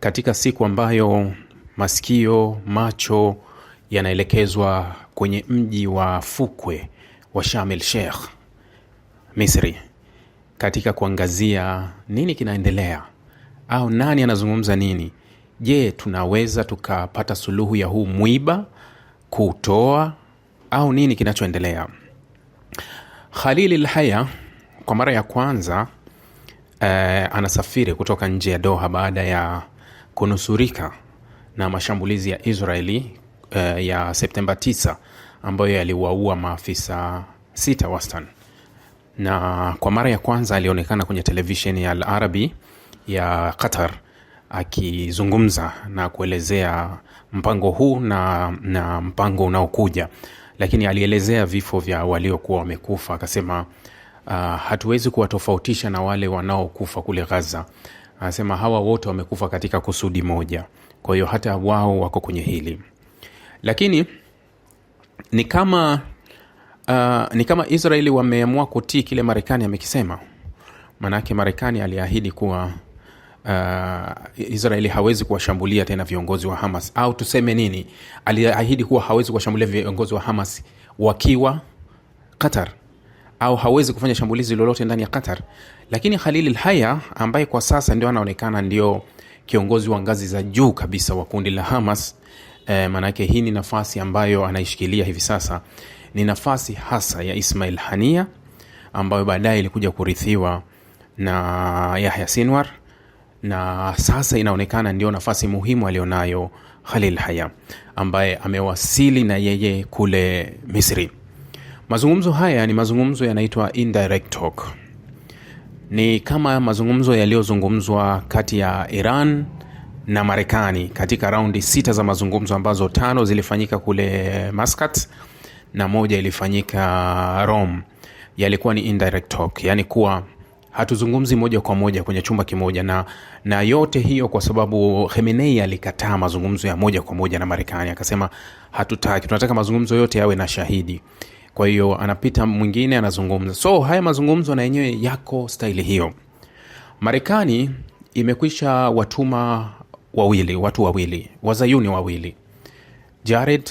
katika siku ambayo masikio, macho yanaelekezwa kwenye mji wa fukwe wa shamel Sheikh, Misri, katika kuangazia nini kinaendelea au nani anazungumza nini. Je, tunaweza tukapata suluhu ya huu mwiba kutoa au nini kinachoendelea? Khalil lhaya haya kwa mara ya kwanza eh, anasafiri kutoka nje ya Doha baada ya kunusurika na mashambulizi ya Israeli uh, ya Septemba 9 ambayo yaliwaua maafisa sita wastan na kwa mara ya kwanza alionekana kwenye televisheni ya Al Arabi ya Qatar akizungumza na kuelezea mpango huu na, na mpango unaokuja, lakini alielezea vifo vya waliokuwa wamekufa akasema, uh, hatuwezi kuwatofautisha na wale wanaokufa kule Gaza anasema hawa wote wamekufa katika kusudi moja kwa hiyo hata wao wako kwenye hili lakini ni kama uh, ni kama israeli wameamua kutii kile marekani amekisema maanake marekani aliahidi kuwa uh, israeli hawezi kuwashambulia tena viongozi wa hamas au tuseme nini aliahidi kuwa hawezi kuwashambulia viongozi wa hamas wakiwa qatar au hawezi kufanya shambulizi lolote ndani ya Qatar. Lakini Khalil haya ambaye kwa sasa ndio anaonekana ndio kiongozi wa ngazi za juu kabisa wa kundi la Hamas e, eh, maanake hii ni nafasi ambayo anaishikilia hivi sasa ni nafasi hasa ya Ismail Hania ambayo baadaye ilikuja kurithiwa na Yahya Sinwar na sasa inaonekana ndio nafasi muhimu aliyonayo Khalil Haya ambaye amewasili na yeye kule Misri. Mazungumzo haya ni mazungumzo yanaitwa indirect talk. Ni kama mazungumzo yaliyozungumzwa kati ya Iran na Marekani katika raundi sita za mazungumzo ambazo tano zilifanyika kule Muscat na moja ilifanyika Rome. Yalikuwa ni indirect talk, yani kuwa hatuzungumzi moja kwa moja kwenye chumba kimoja na, na yote hiyo kwa sababu Khamenei alikataa mazungumzo ya moja kwa moja na Marekani, akasema hatutaki, tunataka mazungumzo yote yawe na shahidi. Kwa hiyo anapita mwingine anazungumza. So haya mazungumzo na yenyewe yako staili hiyo. Marekani imekwisha watuma wawili, watu wawili, wazayuni wawili, Jared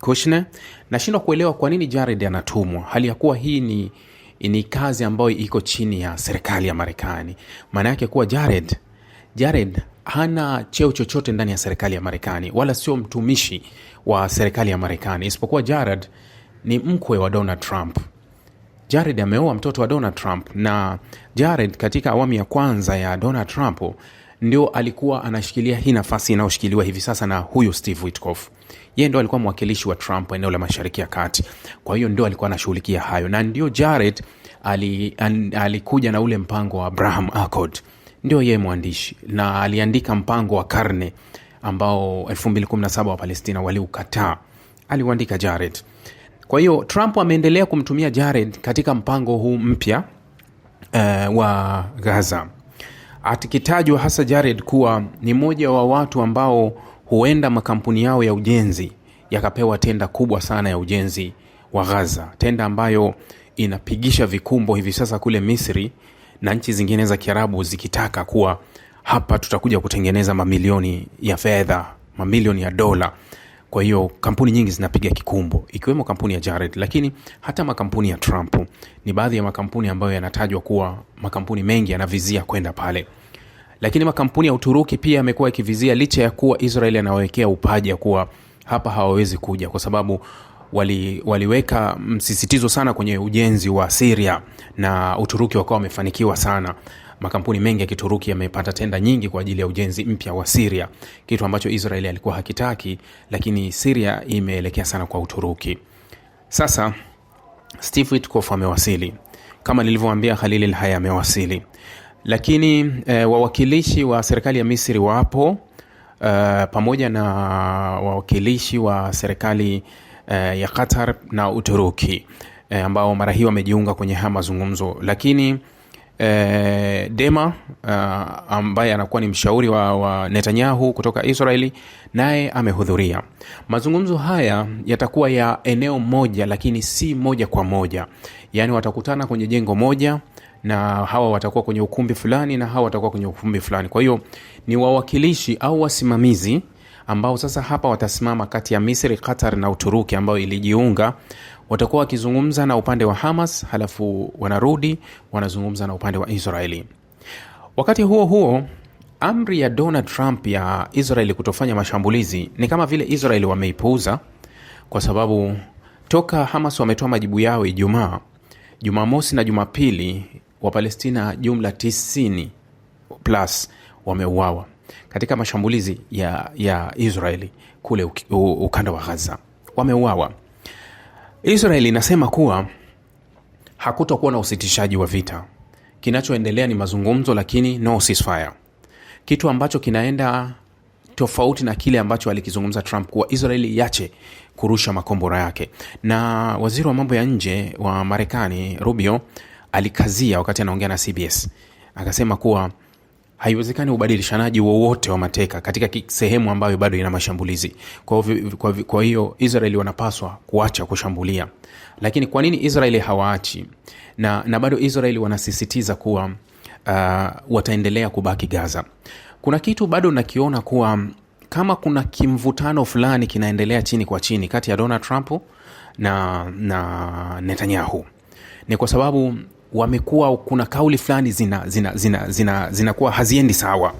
kushne Nashindwa kuelewa kwa nini Jared anatumwa hali ya kuwa hii ni ni kazi ambayo iko chini ya serikali ya Marekani. Maana yake kuwa Jared Jared hana cheo chochote ndani ya serikali ya Marekani, wala sio mtumishi wa serikali ya Marekani, isipokuwa Jared ni mkwe wa Donald Trump. Jared ameoa mtoto wa Donald Trump, na Jared katika awamu ya kwanza ya Donald Trump ndio alikuwa anashikilia hii nafasi inayoshikiliwa hivi sasa na huyu Steve Witkoff. Yeye ndio alikuwa mwakilishi wa Trump eneo la Mashariki ya Kati, kwa hiyo ndio alikuwa anashughulikia hayo, na ndio Jared ali, an, alikuja na ule mpango wa Abraham Accord, ndio yeye mwandishi na aliandika mpango wa karne ambao 2017 wa Palestina waliukataa, aliuandika Jared kwa hiyo Trump ameendelea kumtumia Jared katika mpango huu mpya uh, wa Gaza, akitajwa hasa Jared kuwa ni mmoja wa watu ambao huenda makampuni yao ya ujenzi yakapewa tenda kubwa sana ya ujenzi wa Gaza, tenda ambayo inapigisha vikumbo hivi sasa kule Misri na nchi zingine za Kiarabu zikitaka kuwa hapa tutakuja kutengeneza mamilioni ya fedha, mamilioni ya dola kwa hiyo kampuni nyingi zinapiga kikumbo ikiwemo kampuni ya Jared, lakini hata makampuni ya Trump ni baadhi ya makampuni ambayo yanatajwa kuwa makampuni mengi yanavizia kwenda pale lakini makampuni ya Uturuki pia yamekuwa yakivizia licha ya kuwa Israeli anawekea upaja kuwa hapa hawawezi kuja kwa sababu wali, waliweka msisitizo sana kwenye ujenzi wa Siria na Uturuki wakawa wamefanikiwa sana, Makampuni mengi ya Kituruki yamepata tenda nyingi kwa ajili ya ujenzi mpya wa Siria, kitu ambacho Israeli alikuwa hakitaki, lakini Siria imeelekea sana kwa Uturuki. Sasa Steve amewasili, kama nilivyoambia, Khalil lhaya amewasili, lakini e, wawakilishi wa serikali ya Misri wapo e, pamoja na wawakilishi wa serikali e, ya Qatar na Uturuki e, ambao mara hii wamejiunga kwenye haya mazungumzo lakini e, Dema uh, ambaye anakuwa ni mshauri wa, wa Netanyahu kutoka Israeli naye amehudhuria. Mazungumzo haya yatakuwa ya eneo moja, lakini si moja kwa moja, yaani watakutana kwenye jengo moja na hawa watakuwa kwenye ukumbi fulani na hawa watakuwa kwenye ukumbi fulani. Kwa hiyo ni wawakilishi au wasimamizi ambao sasa hapa watasimama kati ya Misri, Qatar na Uturuki ambayo ilijiunga watakuwa wakizungumza na upande wa Hamas halafu wanarudi wanazungumza na upande wa Israeli. Wakati huo huo, amri ya Donald Trump ya Israeli kutofanya mashambulizi ni kama vile Israeli wameipuuza, kwa sababu toka Hamas wametoa majibu yao Ijumaa, Jumamosi na Jumapili, Wapalestina jumla 9 plus wameuawa katika mashambulizi ya, ya Israeli kule ukanda wa ghaza wameuawa Israeli inasema kuwa hakutakuwa na usitishaji wa vita, kinachoendelea ni mazungumzo, lakini no ceasefire, kitu ambacho kinaenda tofauti na kile ambacho alikizungumza Trump kuwa Israeli iache kurusha makombora yake. Na waziri wa mambo ya nje wa Marekani Rubio alikazia wakati anaongea na CBS akasema kuwa haiwezekani ubadilishanaji wowote wa mateka katika sehemu ambayo bado ina mashambulizi. Kwa, kwa, kwa hiyo Israeli wanapaswa kuacha kushambulia, lakini kwa nini Israeli hawaachi? Na, na bado Israeli wanasisitiza kuwa uh, wataendelea kubaki Gaza. Kuna kitu bado nakiona kuwa kama kuna kimvutano fulani kinaendelea chini kwa chini kati ya Donald Trump na, na Netanyahu ni kwa sababu wamekuwa kuna kauli fulani zinakuwa zina, zina, zina, zina haziendi sawa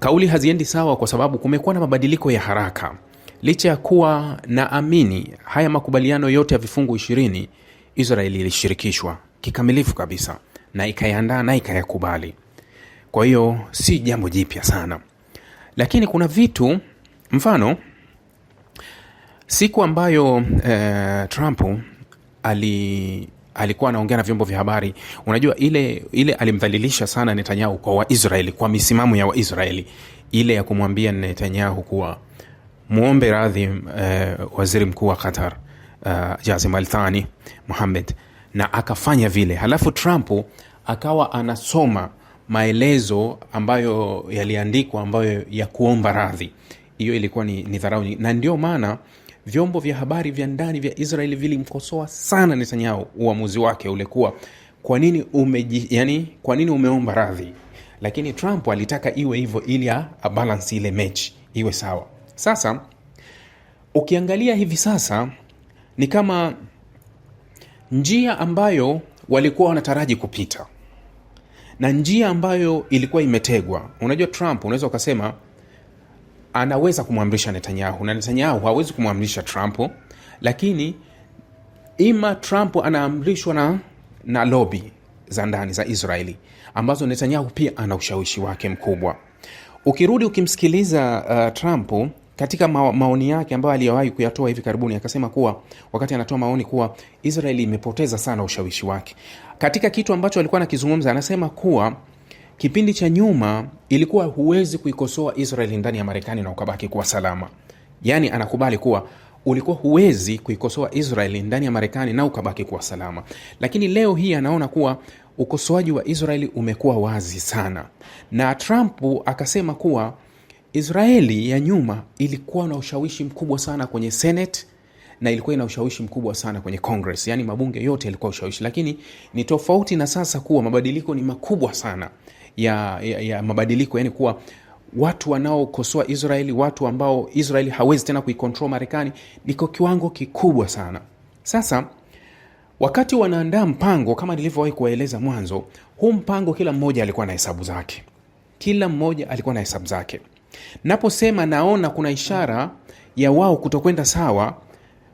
kauli haziendi sawa kwa sababu kumekuwa na mabadiliko ya haraka licha ya kuwa na amini haya makubaliano yote ya vifungu ishirini israel ilishirikishwa kikamilifu kabisa na ikayaandaa na ikayakubali kwa hiyo si jambo jipya sana lakini kuna vitu mfano siku ambayo eh, trump ali alikuwa anaongea na vyombo vya habari. Unajua ile ile alimdhalilisha sana Netanyahu kwa Waisraeli, kwa misimamo ya Waisraeli ile ya kumwambia Netanyahu kuwa muombe radhi eh, waziri mkuu wa Qatar uh, Jazim Althani Muhamed, na akafanya vile. Halafu Trump akawa anasoma maelezo ambayo yaliandikwa ambayo ya kuomba radhi. Hiyo ilikuwa ni, ni dharau, na ndio maana vyombo vya habari vya ndani vya Israeli vilimkosoa sana Netanyahu uamuzi wake ulikuwa kwa nini umeji, yani, kwa nini umeomba radhi, lakini Trump alitaka iwe hivyo ili abalansi ile mechi iwe sawa. Sasa ukiangalia hivi sasa ni kama njia ambayo walikuwa wanataraji kupita na njia ambayo ilikuwa imetegwa. Unajua Trump unaweza ukasema anaweza kumwamrisha Netanyahu na Netanyahu hawezi kumwamrisha Trump, lakini ima Trump anaamrishwa na, na lobi za ndani za Israeli ambazo Netanyahu pia ana ushawishi wake mkubwa. Ukirudi ukimsikiliza uh, Trump katika maoni yake ambayo aliyowahi kuyatoa hivi karibuni, akasema kuwa wakati anatoa maoni kuwa Israeli imepoteza sana ushawishi wake katika kitu ambacho alikuwa anakizungumza, anasema kuwa Kipindi cha nyuma ilikuwa huwezi kuikosoa Israeli ndani ya Marekani na ukabaki kuwa salama. Yaani anakubali kuwa ulikuwa huwezi kuikosoa Israeli ndani ya Marekani na ukabaki kuwa salama, lakini leo hii anaona kuwa ukosoaji wa Israeli umekuwa wazi sana, na Trump akasema kuwa Israeli ya nyuma ilikuwa na ushawishi mkubwa sana kwenye Senate na ilikuwa ina ushawishi mkubwa sana kwenye Congress, yaani mabunge yote yalikuwa ushawishi, lakini ni tofauti na sasa kuwa mabadiliko ni makubwa sana ya, ya, ya mabadiliko yani kuwa watu wanaokosoa Israeli, watu ambao Israeli hawezi tena kuikontrol Marekani niko kiwango kikubwa sana. Sasa wakati wanaandaa mpango, kama nilivyowahi kuwaeleza mwanzo, huu mpango kila mmoja alikuwa na hesabu zake, kila mmoja alikuwa na hesabu zake. Naposema naona kuna ishara ya wao kutokwenda sawa,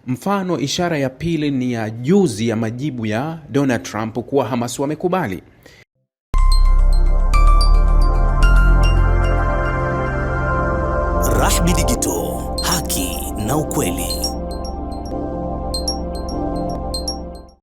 mfano ishara ya pili ni ya juzi ya majibu ya Donald Trump kuwa Hamas wamekubali Digital, haki na ukweli.